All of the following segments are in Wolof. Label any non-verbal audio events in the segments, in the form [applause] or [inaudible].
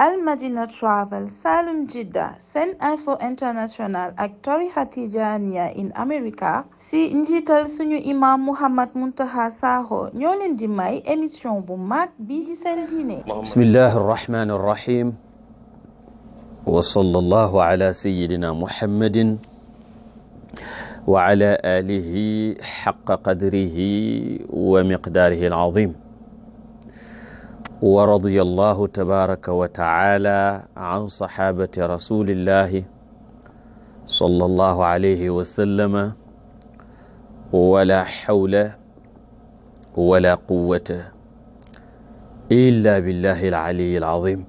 al madina travel salum jidda sen info international ak tarixa tijaniya in america si njiital suñu imam muhammad muntaha sakho ñoo leen di may émission bu mag bii di seen diine bismillahi arrahmani arrahim wa sallallahu ala sayidina muhammadin wa ala alihi xaqa qadrihi wa miqdaarihi alazim ورضي الله تبارك وتعالى عن صحابة رسول الله صلى الله عليه وسلم ولا حول ولا قوة إلا بالله العلي العظيم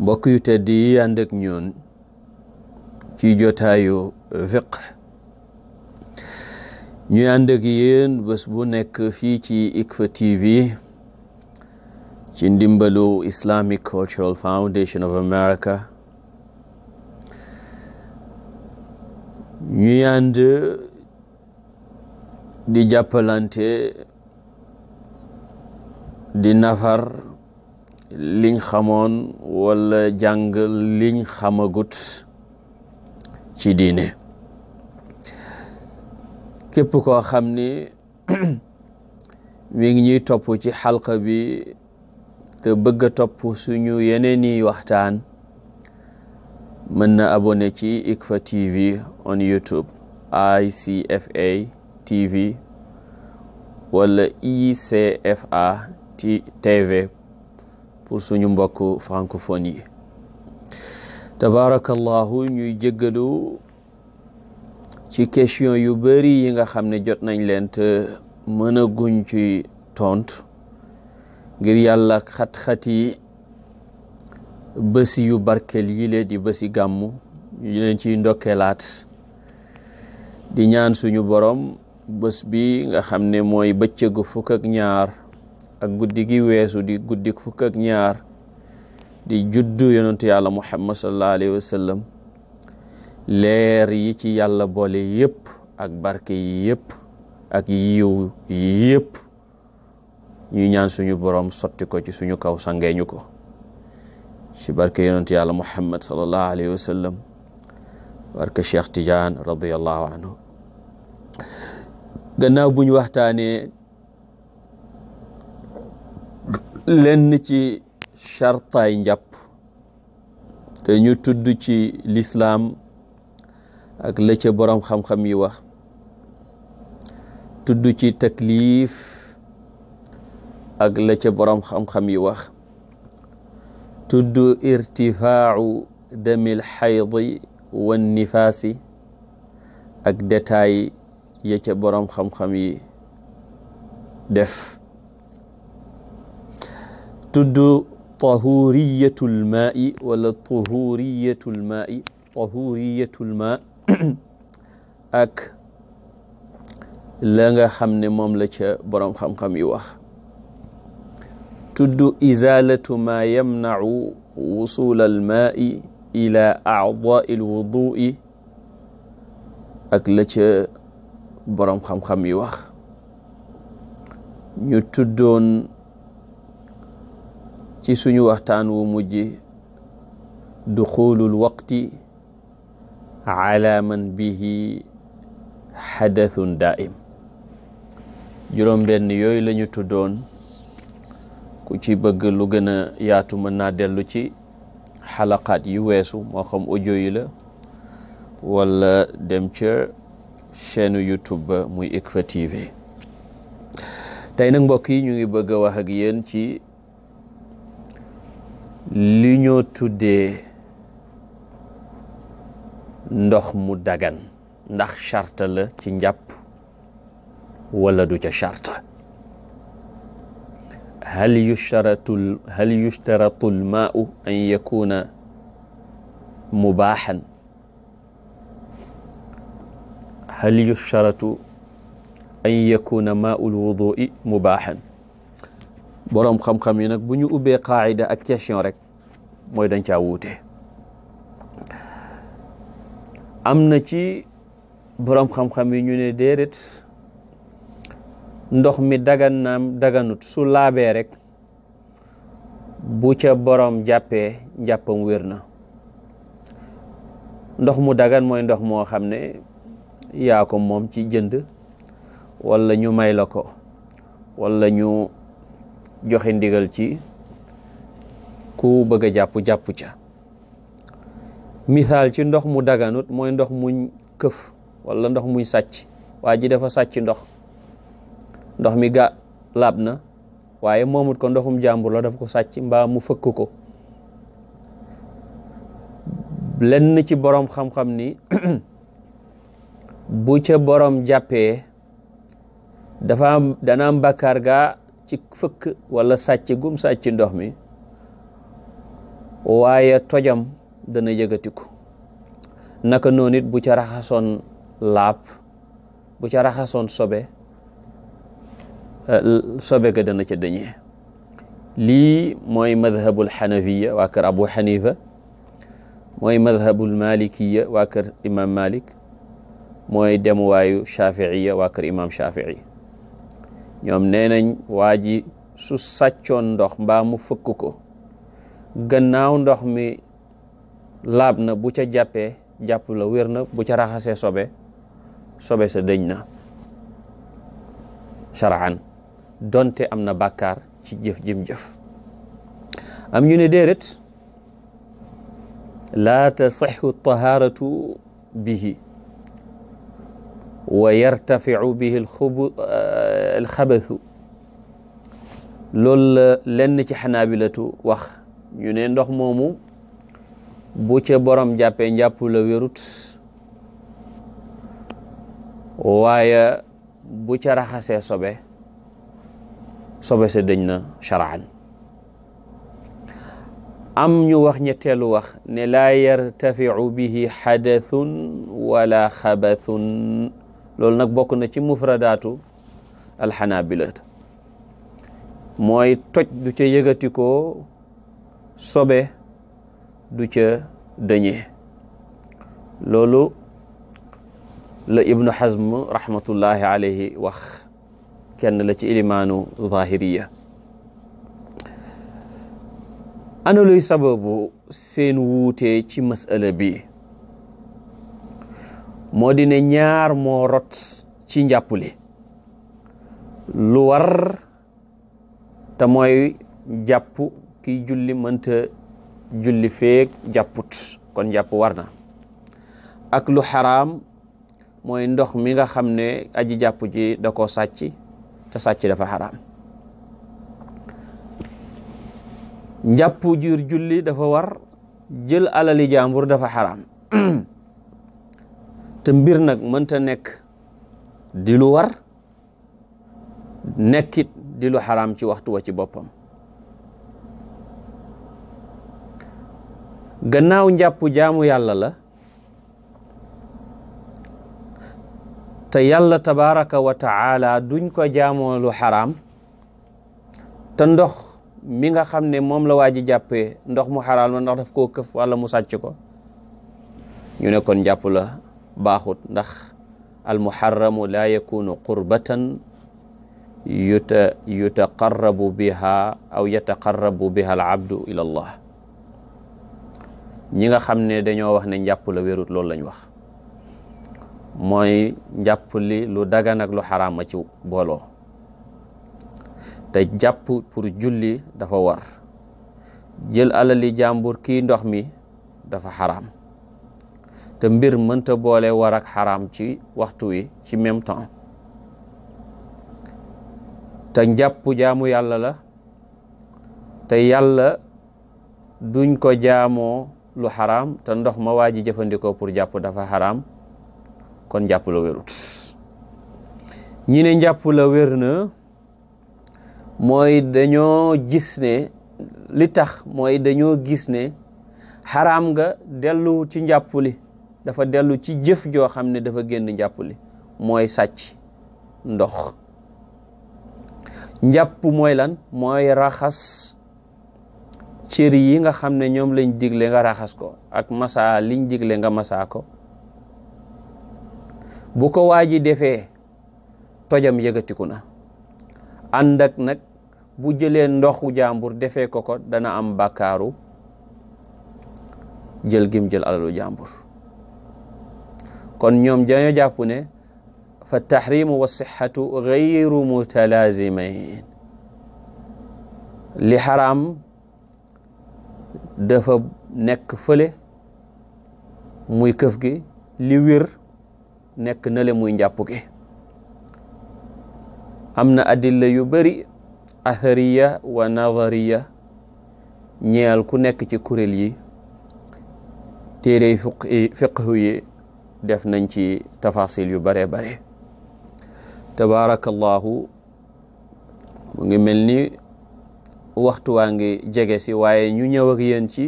mbokk yu tedd yi ànd ak ñoon ci jotaayu fiqh ñu ànd ak yéen bés bu nekk fii ci ICFA TV ci ndimbalu Islamic Cultural Foundation of America ñuy ànd di jàppalante di nafar liñ xamoon wala jàng liñ xamagut ci diine képp koo xam ni [clears throat] mi ngi ñuy topp ci xalqa bi te bëgg a topp suñu yeneen i waxtaan mën na abone ci ICFA TV on YouTube ICFA TV wala ICFA TV pour suñu mbokk francophone yi tabarakallahu ñuy jéggalu ci question yu bari yi nga xam ne jot nañ leen te mën guñ ci tontu ngir yàlla xat-xat yi yu barkeel yi lee di bési gàmmu ñu leen ciy ndokkeelaat di ñaan suñu borom bés bi nga xam ne mooy bëccëgu fukk ak ñaar ak guddi gi weesu di guddi fukk ak ñaar di juddu yonentu yàlla muhammad sallallahu alayhi wa leer yi ci yàlla boole yëpp ak barke yi ak yiw yi ñu ñaan suñu borom sotti ko ci suñu kaw sangee ñu ko ci barke yonent yàlla muhammad sallallahu alayhi wa sallam barke cheikh tidiane radiallahu anhu buñ waxtaanee lenn ci chartaay njàpp te ñu tudd ci lislaam ak la ca boroom xam-xam yi wax tudd ci taklif ak la ca borom xam-xam yi wax tudd irtifaau damil xaydi wan nifaasi ak détail ya ca borom xam-xam yi def tudd tahuriyatul maai wala tahuriyatul maai tahuriyatul ma ak la nga xam ne moom la ca borom xam-xam yi wax tudd izalatu ma yamnacu wusul almaai ila acdaai alwudui ak la ca boroom xam-xam yi wax ñu tuddoon ci suñu waxtaan wu mujj duxulu lwaqti ala man bihi xadathun daa'im juróom benn yooyu la ñu tuddoon ku ci bëgg lu gën a yaatu mën na dellu ci xalaqaat yu weesu moo xam audio yi la wala dem ca chaîne YouTube ba muy ICFA TV tey nag mbokk yi ñu i bëgg a wax ak yéen ci li ñoo tuddee ndox mu dagan ndax charte la ci njàpp wala du ca charte hal yushtaratu hal yushtaratu lmaau an yakuna mubaaxan hal yushtaratu an yakuna maau lwudui mubaaxan boroom xam-xam yi nag bu ñu ubbee qaacida ak question rek mooy dañ caa wuute am na ci boroom xam-xam yi ñu ne déedéet ndox mi dagan naam daganut su laabee rek bu ca borom jàppee njàppam wér na ndox mu dagan mooy ndox moo xam ne yaa ko moom ci jënd wala ñu may la ko wala ñu joxi ndigal ci ku bëgg a jàpp jàpp ca misaal ci ndox mu daganut mooy ndox mu këf wala ndox muñ sàcc waa ji dafa sàcc ndox ndox mi gà laab na waaye moomut ko ndoxum jàmbur la dafa ko sàcc mbaam mu fëkk ko lenn ci borom xam-xam ni [clears throat] bu ca borom jàppee dafa am dana am bàkkaar gaa ci fëkk walla sàcc gum sàcc ndox mi waaye tojam dana yëgatiku naka noonu it bu ca raxasoon laab bu ca raxasoon sobe Euh, sobe ga dana ca dañee lii mooy madhabul xanafiya waa kër abu xanifa mooy madhabul malikiya waa kër imam malik mooy demuwaayu shafiiya waa kër imam shafii ñoom nee nañ waa ji su sàccoon ndox mbaamu mu ko gannaaw ndox mi laab na bu ca jàppee jàpp la wér bu ca raxasee sobe sobe sa dëñ na sharaan donte am na bàkkaar ci jëf jim jëf am ñu ne déedéet laa tasixu tahaaratu bihi wa yartaficu bihi alxabathu loolu la lenn ci xanaabilatu wax ñu ne ndox moomu bu ca borom jàppee njàpp la wérut waaye bu ca raxasee sobe sobe sa dëñ na sharaan am ñu wax ñetteelu wax ne la yartafiu bihi xadathun wala xabathun loolu nag bokk na ci mufradaatu alxanaabila mooy toj du ca yëgatikoo sobe du ca dëñee loolu la ibnu xazm rahmatullahi wax kenn la ci ilimaanu zahiriya ana luy sababu seen wuute ci masala bi moo di ne ñaar moo ci njàppuli li war te mooy jàpp kiy julli mënta julli feek jàpput kon jàpp war na ak lu xaraam mooy ndox mi nga xam ne aji jàpp ji da ko sàcc te sàcc dafa xaraam njàpp jur julli dafa war jël alali jàmbur dafa xaraam [clears throat] te mbir nag mënta nekk di lu war nekkit di lu ci waxtu wa ci boppam gannaaw njàpp jaamu yàlla la te yàlla tabaraka wa taala duñ ko jaamoo lu xaraam te ndox mi nga xam ne moom la waa ji jàppee ndox mu xaraam la ndax daf koo këf wala mu sàcc ko ñu ne kon jàpp la baaxut ndax almuharramu laa yakunu qurbatan yuta yutaqarrabu biha aw yataqarrabu biha al abdu ila allah ñi nga xam ne dañoo wax ne njàpp la wérut loolu lañ wax mooy njàpp li lu dagan ak lu xaraam ci booloo te jàpp pour julli dafa war jël alali jàmbur kii ndox mi dafa xaraam te mbir mënta boole war ak xaraam ci waxtu wi ci même temps te njàpp jaamu yàlla la te yàlla duñ ko jaamoo lu xaraam te ndox ma waa ji jëfandikoo pour jàpp dafa xaraam kon njàpp la wérut ñi ne njàpp la wér na mooy dañoo gis ne li tax mooy dañoo gis ne xaraam nga dellu ci njàpp li dafa dellu ci jëf joo xam ne dafa génn njàpp li mooy sàcc ndox njàpp mooy lan mooy raxas cër yi nga xam ne ñoom lañ digle nga raxas ko ak masa liñ digle nga masaa ko bu ko waa ji defee tojam yëgatiku na ànd ak nag bu jëlee ndoxu jàmbur defee ko ko dana am bàkkaaru jël gim jël alalu jàmbur kon ñoom dañoo jàpp ne fa tahrimu wa sixatu gayru mutalazimain li xaraam dafa nekk fële muy këf gi li wir nekk na le muy njàpp gi am na adilla yu bëri athariya wa nadariya ñeel ku nekk ci kuréel yi téerey fiqhu yi def nañ ci tafasil yu bare bare tabaarakallahu mu ngi mel ni waxtu waa ngi jege ñu ñëw ak yéen ci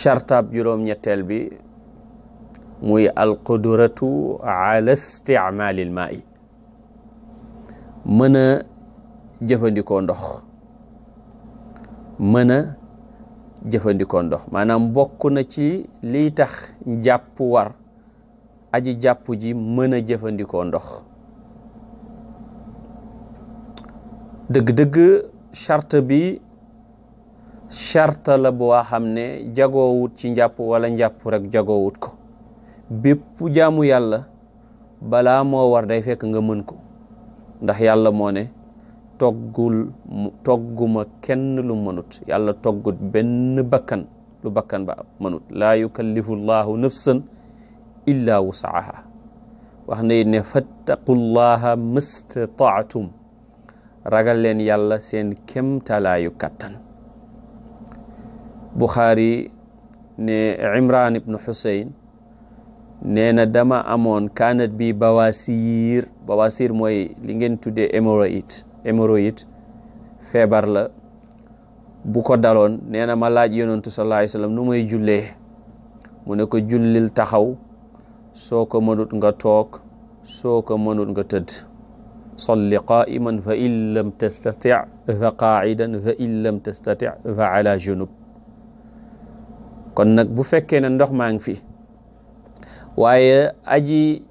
chartab juróom-ñetteel bi muy alqudratu ala isticmaalil maa i mën a jëfandikoo ndox mën a jëfandikoo ndox maanaam bokk na ci liy tax njàpp war aji jàpp ji mën a jëfandikoo ndox dëgg-dëgg charte bi charte la boo xam ne jagoowut ci njàpp wala njàpp rek jagoowut ko bépp jaamu yàlla balaa moo war day fekk nga mën ko ndax yàlla moo ne toggul togguma kenn lu mënut yàlla toggut benn bakkan lu bakkan ba mënut laa yukallifu llahu nafsan illa wusaaha wax na ne fattaqullaha mastataatum ragal leen yàlla seen kemtalaayu kattan buxaari ne imran ibnu xusayn nee na dama amoon kaanat bi bawasir bawasir mooy li ngeen tuddee hémorroïde hémorroïde feebar la bu ko daloon nee na ma laaj yonentu sallallahu alayhi wasallam nu may jullee mu ko jullil taxaw soo ko mënut nga toog soo ko mënut nga tëdd salli qaiman fa in lam tastati fa qaidan fa in lam ala junub kon nag bu fekkee ne ndox maa ngi fi waaye aji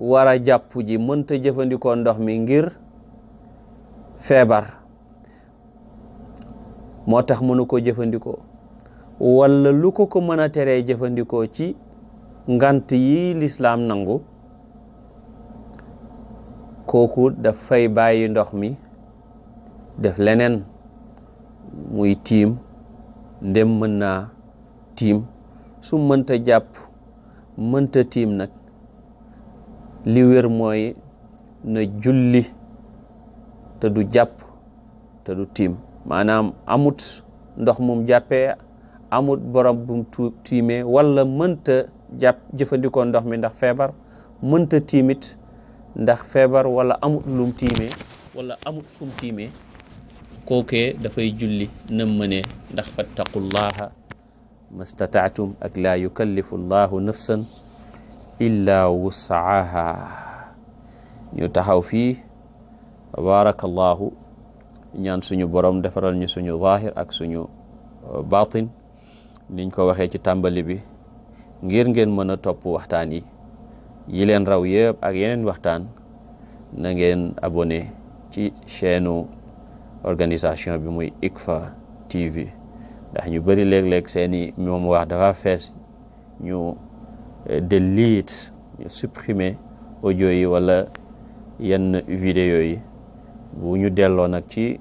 war a jàpp ji mënta jëfandikoo ndox mi ngir feebar moo tax mënu ko jëfandikoo wala lu ko ko mën a teree jëfandikoo ci ngant yi lislaam nangu kooku daf fay bàyyi ndox mi def leneen muy tiim ndem mën naa tiim su mënta jàpp mënta tiim nag li wér mooy na julli te du jàpp te du tiim maanaam amut ndox mum jàppee amut borom bum tu tiimee wala mënta jàpp jëfandikoo ndox mi ndax feebar mënta tiimit ndax feebar walla amut lum tiimee wala amut fum tiimee kookee dafay julli nam mënee ndax fattaqullaha mastataatum ak laa yukallifu llahu nafsan illa wusaaha ñu taxaw fii tabarakallahu ñaan suñu borom defaral ñu suñu zahir ak suñu uh, batin niñ ko waxee ci tàmbali bi ngir ngeen mën a topp waxtaan yi yi raw yëpp ak yeneen waxtaan na ngeen abonné ci chaîne organisation bi muy ICFA TV ndax ñu bëri léeg-léeg seeni ñoom wax dafa fees ñu euh, delete ñu supprimer audio yi wala yenn vidéo yi bu ñu delloo nag ci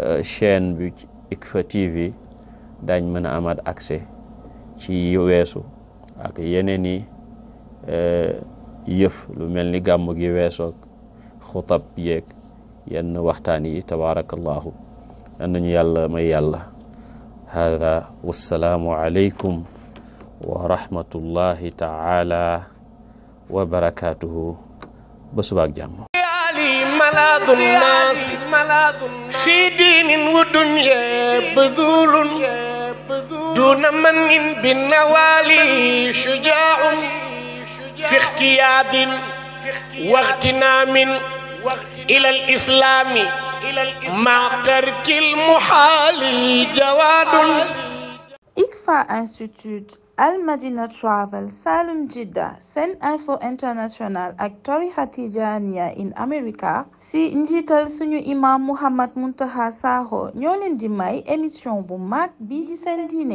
euh, chaîne bi ICFA TV daañ mën a amaat accès ci yu weesu ak yeneen i euh, yëf lu mel ni gàmm gi weesoog xutab yeeg yenn waxtaan yi tabaarakallahu an nañu yàlla may yàlla هذا والسلام عليكم ورحمة الله تعالى وبركاته بسباك جامع ملاذ الناس في دين ودنيا بذول دون من بالنوالي شجاع في اختياد واغتنام إلى الإسلام مع ترك المحال جواد ICFA Institute Al Madina Travel Salum Jidda Sen Info International ak tarixa Tijaaniya in America si njiital suñu imam Mouhammad Muntaqa Sakho ñoo leen di may émission bu mag bii di seen